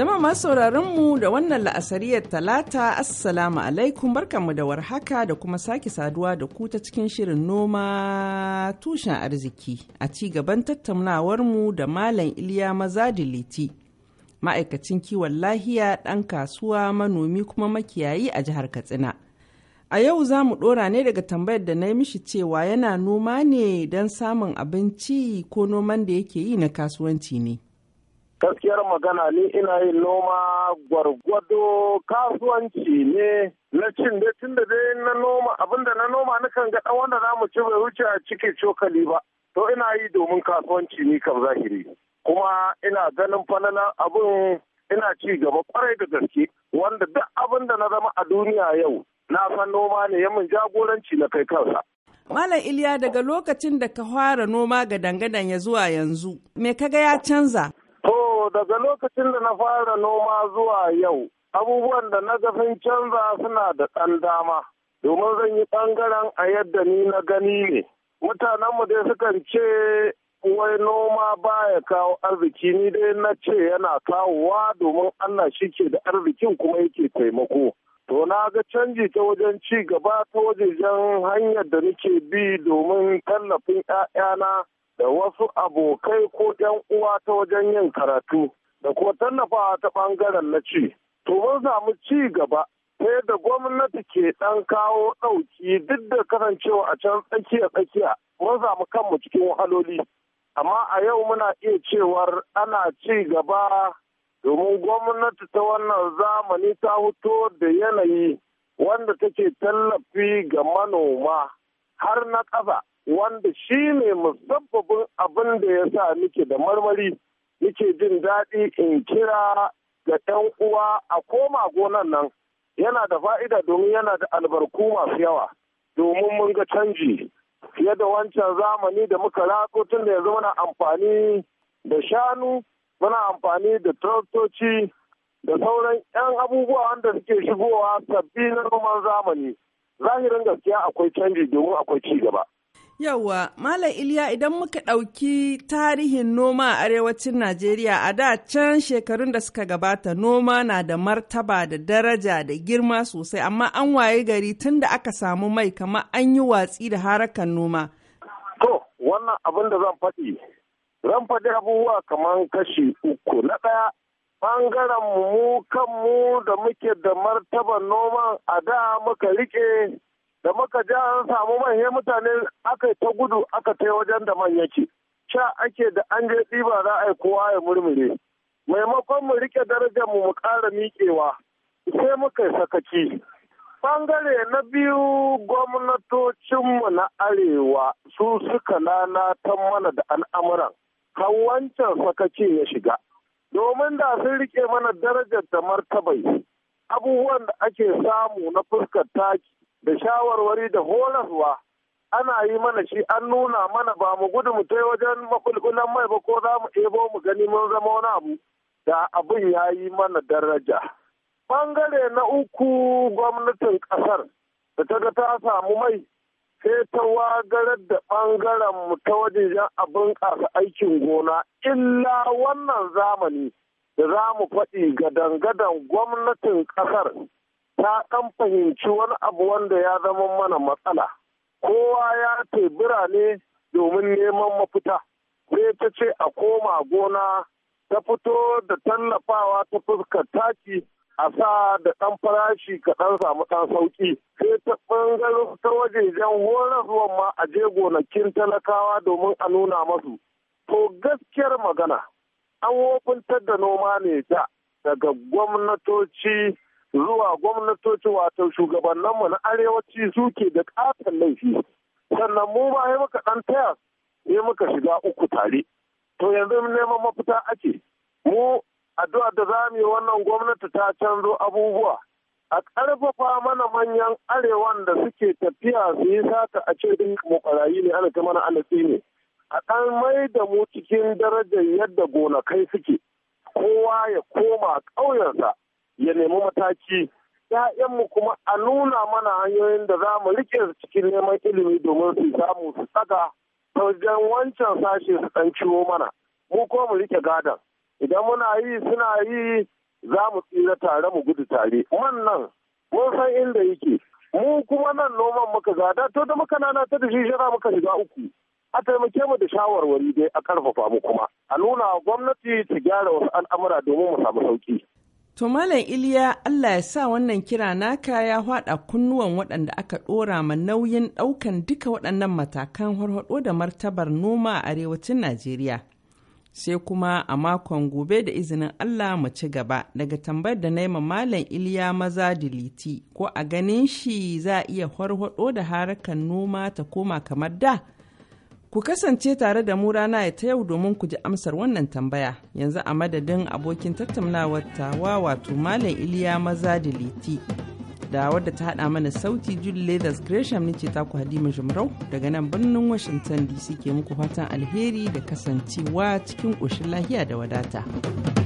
Jama'a masu mu da wannan la'asariyar talata assalamu alaikum barkanmu da warhaka da kuma sake saduwa da ku ta cikin shirin noma tushen arziki a ci gaban tattaunawar mu da Malam Iliya maza Liti ma'aikacin kiwon lahiya ɗan kasuwa manomi kuma makiyayi a jihar Katsina. A yau za mu ɗora ne daga tambayar da na yi mishi cewa yana noma ne don samun abinci ko noman da yake yi na kasuwanci ne. gaskiyar magana ne ina yin noma gwargwado kasuwanci ne na cin da tun da dai na noma abinda na noma nakan ga wanda za mu ci bai wuce a cike cokali ba to ina yi domin kasuwanci ni kam zahiri kuma ina ganin falala abin ina ci gaba kwarai da gaske wanda duk abin da na zama a duniya yau na san noma ne ya yamin jagoranci na kai kansa Malam Iliya daga lokacin da ka fara noma ga dangadan ya zuwa yanzu, me kaga ya canza? daga lokacin da na fara noma zuwa yau, abubuwan da na ga sun canza suna da ɗan dama, domin zan yi ɓangaren a yadda ni na gani ne. Mutanenmu dai sukan ce wai noma baya kawo arziki ni dai na ce yana kawowa domin Allah shi ke da arzikin kuma yake taimako. To na ga canji ta wajen ci gaba ta wajen hanyar da nake bi domin tallafin 'ya'yana da wasu abokai ko 'yan uwa ta wajen yin karatu da kuma tallafawa ta ɓangaren na ci. To mun samu ci gaba ta da gwamnati ke ɗan kawo ɗauki duk da kasancewa a can tsakiya-tsakiya mun samu kanmu cikin wahaloli. Amma a yau muna iya cewar ana ci gaba domin gwamnati ta wannan zamani ta fito da yanayi wanda take tallafi ga manoma. har na ƙasa wanda shi ne musabbabin abin da ya sa nike da marmari nike jin daɗi in kira ga 'yan uwa a koma gonan nan yana da fa'ida domin yana da albarku masu yawa domin mun ga canji fiye da wancan zamani da muka ratso tun da yanzu muna amfani da shanu muna amfani da traktoci da sauran 'yan abubuwa wanda suke shigowa sabbi na noman zamani zahirin gaskiya akwai canji domin akwai ci gaba. Yawwa, Malam Iliya idan muka ɗauki tarihin noma a arewacin Najeriya a da can shekarun da suka gabata noma na da martaba da daraja da girma sosai amma an waye gari tun da aka samu mai kama an yi watsi da harakan noma. To, wannan abin da zan faɗi, zan faɗi abubuwa kamar kashi uku. Na ɗaya ɓangaren mu kanmu da muke da martaban noman a da muka rike da muka ja an samu manya mutane aka ta gudu aka ta wajen da man yake sha ake da an je ɗiba za a yi kowa ya murmure maimakon mu rike darajar mu mu ƙara miƙewa sai muka yi sakaci bangare na biyu gwamnatocinmu na arewa su suka ta mana da al'amuran Kan wancan sakaci ya shiga domin da sun rike mana darajar da martabai abubuwan da ake samu na fuskar taki da shawarwari da horaswa ana yi mana shi an nuna mana ba mu gudu mu tai wajen makulkulan mai ba ko za mu ebo mu gani mun zama wani abu da abin ya yi mana daraja. Bangare na uku gwamnatin ƙasar da ta ga ta samu mai sai ta wagarar da ɓangaren mu ta wajen a bunƙasa aikin gona illa wannan zamani da za mu faɗi ga dangadan gwamnatin ƙasar ta ɗan fahimci wani abu wanda ya zama mana matsala kowa ya ce birane domin neman mafita sai ta ce a koma gona ta fito da tallafawa ta fuskar taki a sa da ɗan farashi kaɗan samu ɗan sauƙi sai ta ɓangaren ta wajejen horarwar ma a je gonakin talakawa domin a nuna masu to gaskiyar magana an wofintar da noma ne da daga gwamnatoci zuwa gwamnatoci wato shugabanninmu na arewaci suke da ƙaton laifi sannan mu ba ya muka ɗan taya ya muka shiga uku tare to yanzu neman mafita ake mu addu'a da za mu yi wannan gwamnati ta canzo abubuwa a ƙarfafa mana manyan arewan da suke tafiya su yi sata a cikin mukarayi ne ana ta mana alatsi ne a ɗan mai da mu cikin darajar yadda gonakai suke kowa ya koma ƙauyensa ya nemi mataki ‘ya'yanmu kuma a nuna mana hanyoyin da za mu riƙe su cikin neman ilimi domin su samu su tsaga ta wancan sashe su ɗan ciwo mana mu ko mu rike gadon idan muna yi suna yi za mu tsira tare mu gudu tare wannan nan mun san inda yake mu kuma nan noman muka zada to da muka nana ta da shishira muka shiga uku a taimake mu da shawarwari dai a karfafa mu kuma a nuna gwamnati ta gyara wasu al'amura domin mu samu sauki To Malam Iliya Allah ya sa wannan kira naka ya hwada kunnuwan waɗanda aka ɗora ma nauyin ɗaukan duka waɗannan matakan harhaɗo da martabar noma a arewacin Najeriya. sai kuma a makon gobe da izinin Allah mu ci gaba daga tambayar da na yi Malam Iliya maza da liti, ko a ganin shi za a iya harhaɗo da harakan noma ta koma kamar da. Ku kasance tare da mu rana ya ta yau domin ku ji amsar wannan tambaya yanzu a madadin abokin tattaunawar tawa wato Malam Iliya maza liti. da wadda ta hada mana sauti Julie Leathers Gresham ne ce taku Halima Jumrau daga nan birnin Washington DC ke muku fatan alheri da kasancewa cikin ƙoshin lahiya da wadata.